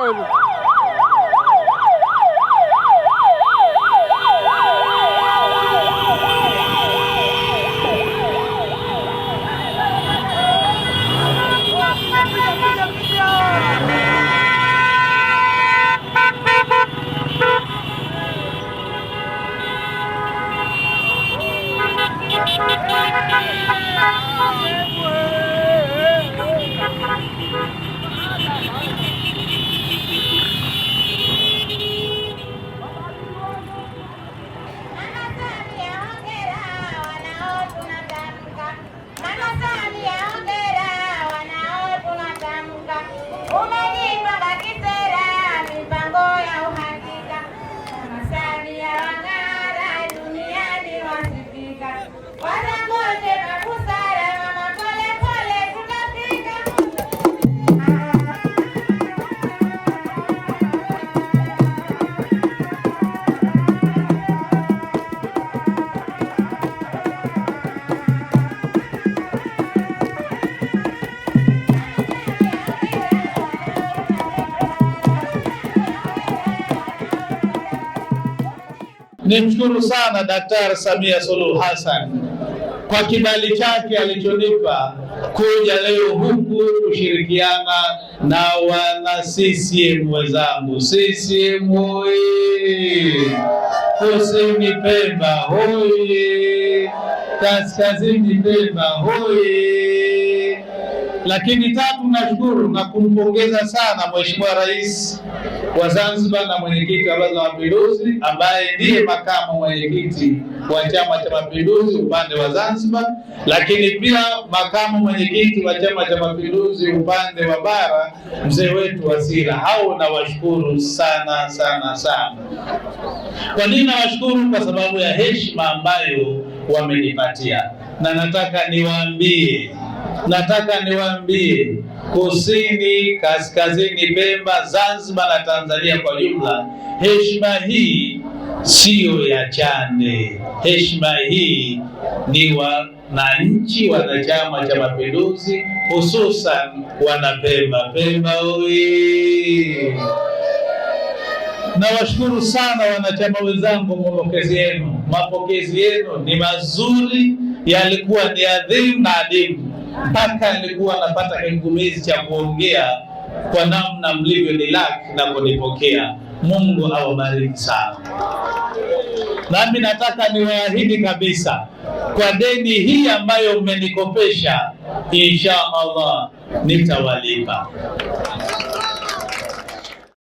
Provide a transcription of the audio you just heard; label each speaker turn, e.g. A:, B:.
A: 아이 Nimshukuru sana Daktari Samia Suluhu Hassan kwa kibali chake alichonipa kuja leo huku kushirikiana na wana CCM wenzangu. CCM oye! Kusini Pemba oye! Kaskazini Pemba hoye! Lakini tatu, nashukuru na kumpongeza sana Mheshimiwa Rais wa Zanzibar na mwenyekiti wa Baraza la Mapinduzi ambaye ndiye makamu mwenyekiti wa Chama cha Mapinduzi upande wa Zanzibar, lakini pia makamu mwenyekiti wa Chama cha Mapinduzi upande wa bara mzee wetu Wasira. Hao nawashukuru sana sana sana. Kwa nini nawashukuru? Kwa sababu ya heshima ambayo wamenipatia, na nataka niwaambie Nataka niwaambie kusini, kaskazini, Pemba, Zanzibar na Tanzania kwa jumla, heshima hii siyo ya Chande. Heshima hii ni wananchi wana Chama cha Mapinduzi, hususan wana Pemba. Pemba oye! Nawashukuru sana wanachama wenzangu kwa mapokezi yenu. Mapokezi yenu ni mazuri, yalikuwa ni adhimu na adimu mpaka nilikuwa napata kigugumizi cha kuongea kwa namna mlivyo nilak na kunipokea. Mungu awabariki sana. Nami nataka niwaahidi kabisa kwa deni hii ambayo mmenikopesha, insha Allah nitawalipa.